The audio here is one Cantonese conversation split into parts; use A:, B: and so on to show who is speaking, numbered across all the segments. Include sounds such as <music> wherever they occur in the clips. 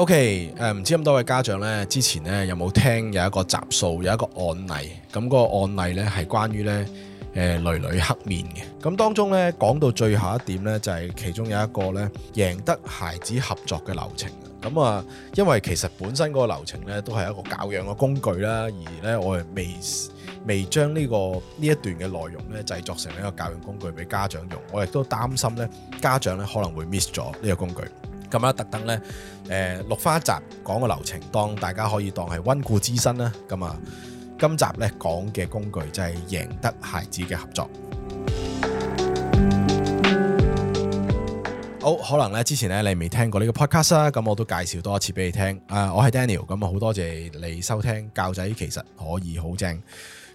A: O.K. 誒唔知咁多位家長呢，之前呢有冇聽有一個集數，有一個案例，咁嗰個案例呢係關於呢誒囡囡黑面嘅。咁當中呢，講到最後一點呢，就係其中有一個呢贏得孩子合作嘅流程。咁啊，因為其實本身嗰個流程呢都係一個教養嘅工具啦，而呢我係未未將呢個呢一段嘅內容呢製作成一個教養工具俾家長用。我亦都擔心呢家長呢可能會 miss 咗呢個工具。咁啊，特登咧，誒，錄翻一集講個流程，當大家可以當係温故知新啦。咁啊，今集咧講嘅工具就係贏得孩子嘅合作。好，可能咧之前咧你未聽過呢個 podcast 啦，咁我都介紹多一次俾你聽。誒，我係 Daniel，咁啊，好多謝你收聽教仔其實可以好正。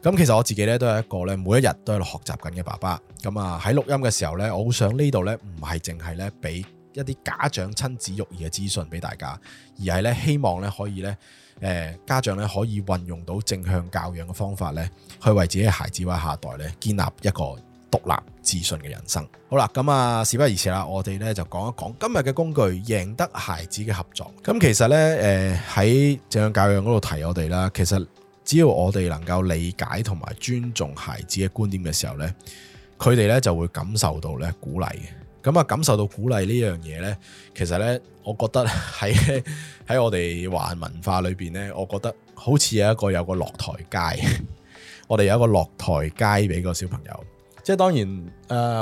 A: 咁其實我自己咧都係一個咧每一日都喺度學習緊嘅爸爸。咁啊喺錄音嘅時候咧，我好想呢度咧唔係淨係咧俾。一啲家長親子育兒嘅資訊俾大家，而係咧希望咧可以咧，誒，家長咧可以運用到正向教養嘅方法咧，去為自己嘅孩子或者下一代咧建立一個獨立自信嘅人生。好啦，咁啊，事不宜遲啦，我哋咧就講一講今日嘅工具，贏得孩子嘅合作。咁其實咧，誒，喺正向教養嗰度提我哋啦，其實只要我哋能夠理解同埋尊重孩子嘅觀點嘅時候咧，佢哋咧就會感受到咧鼓勵嘅。咁啊，感受到鼓勵呢樣嘢呢。其實呢，我覺得喺喺我哋華人文化裏面呢，我覺得好似有一個有個落台階。 <laughs> 我哋有一個落台階俾個小朋友。即係當然誒，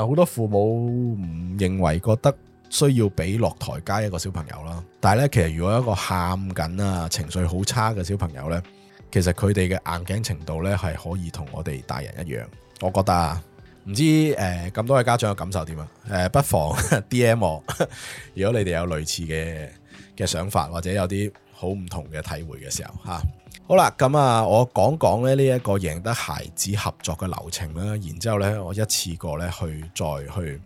A: 好、呃、多父母唔認為覺得需要俾落台階一個小朋友啦。但係呢，其實如果一個喊緊啊、情緒好差嘅小朋友呢，其實佢哋嘅硬頸程度呢，係可以同我哋大人一樣。我覺得啊～唔知咁、呃、多位家長嘅感受點啊、呃？不妨 D.M 我，如果你哋有類似嘅嘅想法或者有啲好唔同嘅體會嘅時候吓，好啦，咁啊，我講講咧呢一個贏得孩子合作嘅流程啦。然之後呢，我一次過呢去再去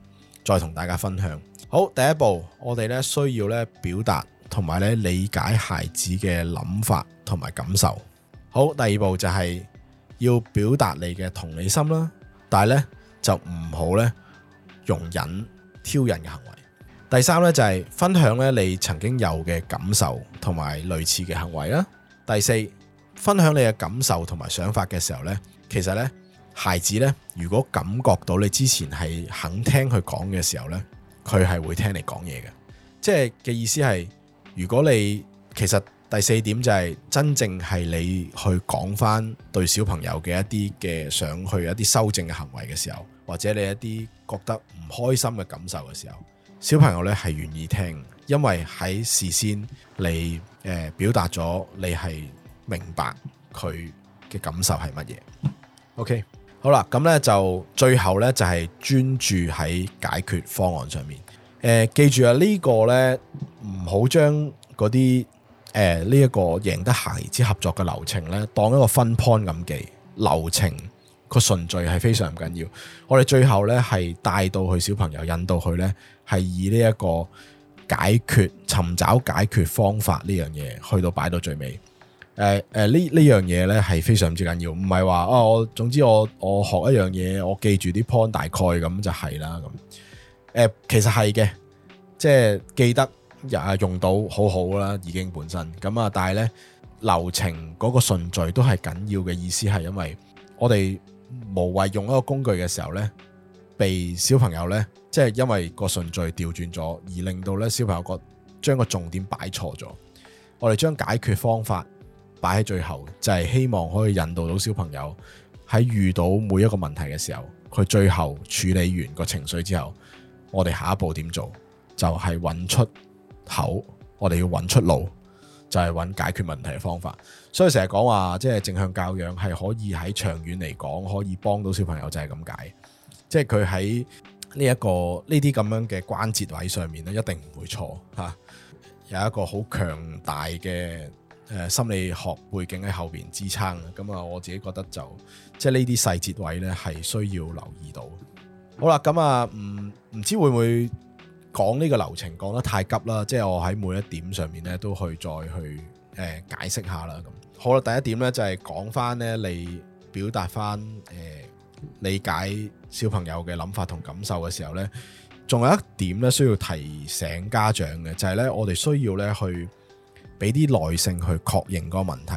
A: 再同大家分享。好，第一步我哋呢需要呢表達同埋呢理解孩子嘅諗法同埋感受。好，第二步就係要表達你嘅同理心啦。但係呢。就唔好咧容忍挑人嘅行為。第三咧就係分享咧你曾經有嘅感受同埋類似嘅行為啦。第四，分享你嘅感受同埋想法嘅時候呢，其實呢，孩子呢，如果感覺到你之前係肯聽佢講嘅時候呢，佢係會聽你講嘢嘅。即係嘅意思係，如果你其實。第四點就係、是、真正係你去講翻對小朋友嘅一啲嘅想去一啲修正嘅行為嘅時候，或者你一啲覺得唔開心嘅感受嘅時候，小朋友呢係願意聽，因為喺事先你誒、呃、表達咗你係明白佢嘅感受係乜嘢。OK，好啦，咁呢就最後呢，就係、是、專注喺解決方案上面。呃、記住啊，呢、呢個呢，唔好將嗰啲。誒，呢一、呃這個贏得孩子合作嘅流程咧，當一個分 point 咁記，流程個順序係非常緊要。我哋最後咧係帶到佢小朋友，引導佢咧係以呢一個解決、尋找解決方法呢樣嘢，去到擺到最尾。誒、呃、誒，呃、呢呢樣嘢咧係非常之緊要，唔係話啊我總之我我學一樣嘢，我記住啲 point 大概咁就係啦咁。誒、呃，其實係嘅，即係記得。用到好好啦，已經本身咁啊！但係流程嗰個順序都係緊要嘅，意思係，因為我哋無謂用一個工具嘅時候呢被小朋友呢，即係因為個順序調轉咗，而令到呢小朋友個將個重點擺錯咗。我哋將解決方法擺喺最後，就係希望可以引導到小朋友喺遇到每一個問題嘅時候，佢最後處理完個情緒之後，我哋下一步點做就係揾出。口，我哋要揾出路，就係、是、揾解決問題嘅方法。所以成日講話，即、就、係、是、正向教養係可以喺長遠嚟講，可以幫到小朋友就係咁解。即係佢喺呢一個呢啲咁樣嘅關節位上面咧，一定唔會錯吓、啊。有一個好強大嘅誒心理學背景喺後邊支撐。咁啊，我自己覺得就即係呢啲細節位呢係需要留意到。好啦，咁啊，唔、嗯、唔知會唔會？講呢個流程講得太急啦，即係我喺每一點上面咧都去再去誒解釋下啦咁。好啦，第一點呢，就係講翻呢，你表達翻誒理解小朋友嘅諗法同感受嘅時候呢，仲有一點呢，需要提醒家長嘅就係呢，我哋需要呢，去俾啲耐性去確認個問題，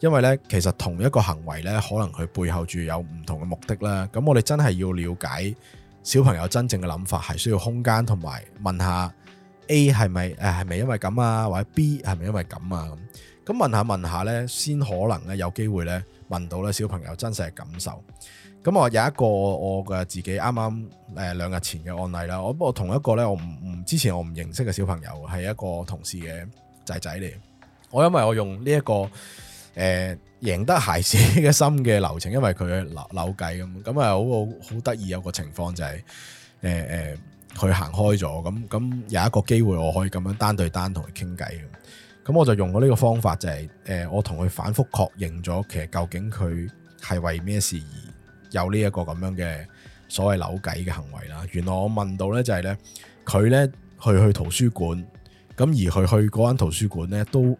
A: 因為呢，其實同一個行為呢，可能佢背後住有唔同嘅目的啦，咁我哋真係要了解。小朋友真正嘅諗法係需要空間，同埋問下 A 係咪誒係咪因為咁啊，或者 B 係咪因為咁啊咁，咁問下問下呢，先可能咧有機會呢，問到咧小朋友真實嘅感受。咁我有一個我嘅自己啱啱誒兩日前嘅案例啦，我不過同一個呢，我唔唔之前我唔認識嘅小朋友係一個同事嘅仔仔嚟，我因為我用呢一個。誒贏得孩子嘅心嘅流程，因為佢扭扭計咁，咁啊好好好得意。有個情況就係，誒誒，佢行開咗，咁咁有一個機、就是呃呃、會，我可以咁樣單對單同佢傾偈咁。咁我就用過呢個方法、就是，就係誒，我同佢反覆確認咗，其實究竟佢係為咩事而有呢一個咁樣嘅所謂扭計嘅行為啦。原來我問到、就是、他呢，就係呢，佢呢去去圖書館，咁而佢去嗰間圖書館呢都，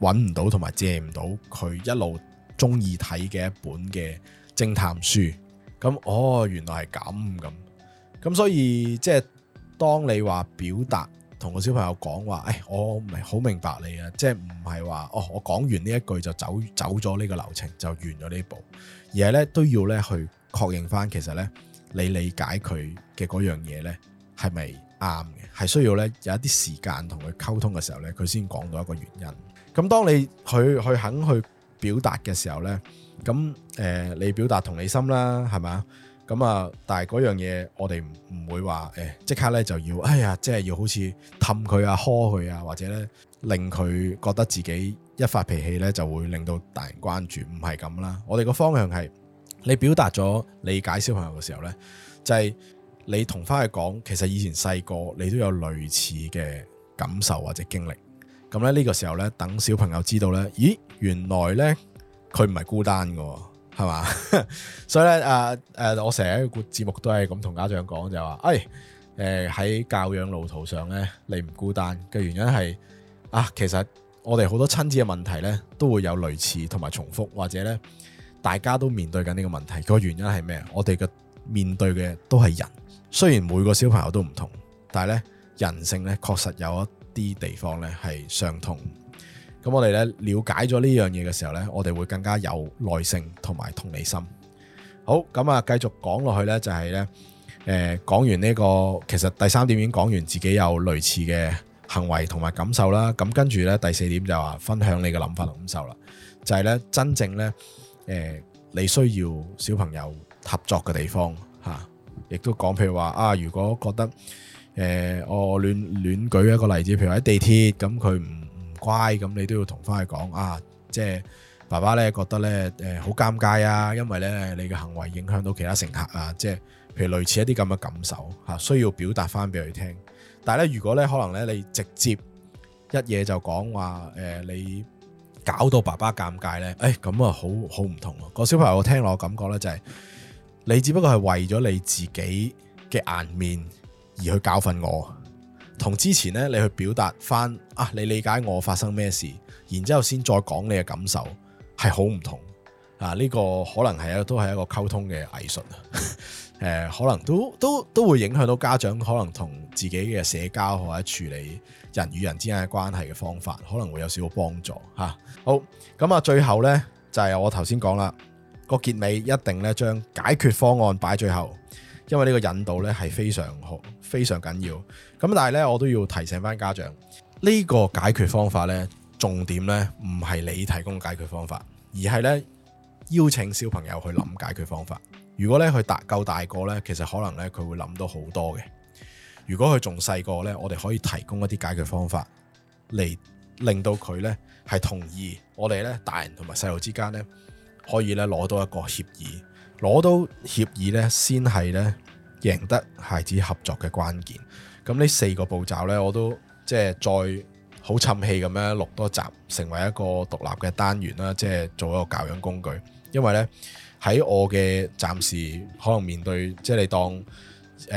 A: 揾唔到同埋借唔到佢一路中意睇嘅一本嘅偵探書，咁哦，原來係咁咁，咁所以即係當你話表達同個小朋友講話，誒、哎、我唔係好明白你啊，即係唔係話哦我講完呢一句就走走咗呢個流程就完咗呢步，而係咧都要咧去確認返其實呢，你理解佢嘅嗰樣嘢呢，係咪啱嘅，係需要呢，有一啲時間同佢溝通嘅時候呢，佢先講到一個原因。咁當你去佢肯去表達嘅時候呢，咁、呃、你表達同理心啦，係咪？咁啊，但係嗰樣嘢我哋唔會話欸、即刻呢，就要，哎呀，即、就、係、是、要好似氹佢啊、呵佢啊，或者呢，令佢覺得自己一發脾氣呢，就會令到大人關注，唔係咁啦。我哋個方向係你表達咗理解小朋友嘅時候呢，就係、是、你同翻去講，其實以前細個你都有類似嘅感受或者經歷。咁咧呢個時候呢，等小朋友知道呢，咦，原來呢，佢唔係孤單嘅，係嘛？ <laughs> 所以呢，誒、啊、誒、啊，我成日個節目都係咁同家長講就話，誒、哎，喺、呃、教養路途上呢，你唔孤單嘅原因係啊，其實我哋好多親子嘅問題呢，都會有類似同埋重複，或者呢，大家都面對緊呢個問題，個原因係咩？我哋嘅面對嘅都係人，雖然每個小朋友都唔同，但係呢，人性呢，確實有。一。啲地方咧，係相通。咁我哋咧，了解咗呢樣嘢嘅時候咧，我哋會更加有耐性同埋同理心。好，咁啊、就是，繼續講落去咧，就係咧，誒，講完呢、這個，其實第三點已經講完自己有類似嘅行為同埋感受啦。咁跟住咧，第四點就話分享你嘅諗法同感受啦，就係、是、咧真正咧，誒，你需要小朋友合作嘅地方吓，亦都講譬如話啊，如果覺得。誒，我亂亂舉一個例子，譬如喺地鐵咁，佢唔唔乖咁，你都要同翻佢講啊，即係爸爸咧覺得咧誒好尷尬啊，因為咧你嘅行為影響到其他乘客啊，即係譬如類似一啲咁嘅感受嚇，啊，需要表達翻俾佢聽。但係咧，如果咧可能咧你直接一嘢就講話誒，你搞到爸爸尷尬咧，誒咁啊，好好唔同啊。那個小朋友我聽落感覺咧就係，是，你只不過係為咗你自己嘅顏面，而去教訓我，同之前咧你去表達翻啊，你理解我發生咩事，然之後先再講你嘅感受，係好唔同啊！呢個可能係一都係一個溝通嘅藝術，啊，可能都都都會影響到家長可能同自己嘅社交或者處理人與人之間嘅關係嘅方法，可能會有少少幫助吓，啊。好，咁啊，最後呢，就係我頭先講啦，個結尾一定呢將解決方案擺最後。因為呢個引導呢係非常好，非常緊要。咁但係呢，我都要提醒翻家長，呢個解決方法呢重點呢唔係你提供解決方法，而係呢邀請小朋友去諗解決方法。如果呢佢大夠大個呢，其實可能呢佢會諗到好多嘅。如果佢仲細個呢，我哋可以提供一啲解決方法嚟令到佢呢係同意我哋呢大人同埋細路之間呢可以呢攞到一個協議。攞到協議咧，先係咧贏得孩子合作嘅關鍵。咁呢四個步驟咧，我都即係再好沉氣咁樣錄多集，成為一個獨立嘅單元啦，即係做一個教養工具。因為咧喺我嘅暫時可能面對，即係你當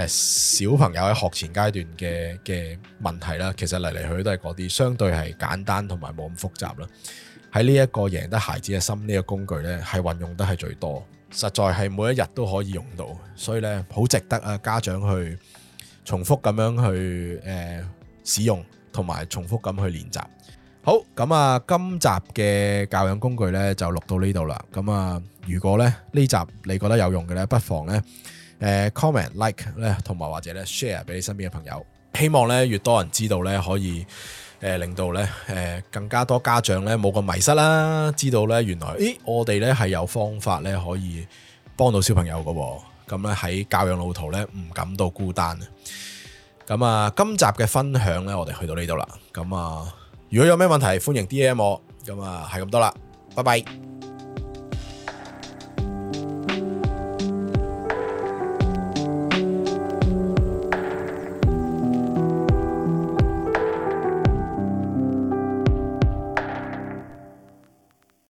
A: 誒小朋友喺學前階段嘅嘅問題啦，其實嚟嚟去去都係嗰啲，相對係簡單同埋冇咁複雜啦。喺呢一個贏得孩子嘅心呢個工具咧，係運用得係最多。實在係每一日都可以用到，所以咧好值得啊家長去重複咁樣去誒使用，同埋重複咁去練習。好咁啊，那今集嘅教養工具呢就錄到呢度啦。咁啊，如果呢，呢集你覺得有用嘅呢，不妨呢誒 comment like 咧，同埋或者咧 share 俾你身邊嘅朋友，希望咧越多人知道咧可以。誒令到咧，誒更加多家長咧冇咁迷失啦，知道咧原來，誒我哋咧係有方法咧可以幫到小朋友㗎喎，咁咧喺教養路途咧唔感到孤單啊。咁啊，今集嘅分享咧，我哋去到呢度啦。咁啊，如果有咩問題，歡迎 DM 我。咁啊，係咁多啦，拜拜。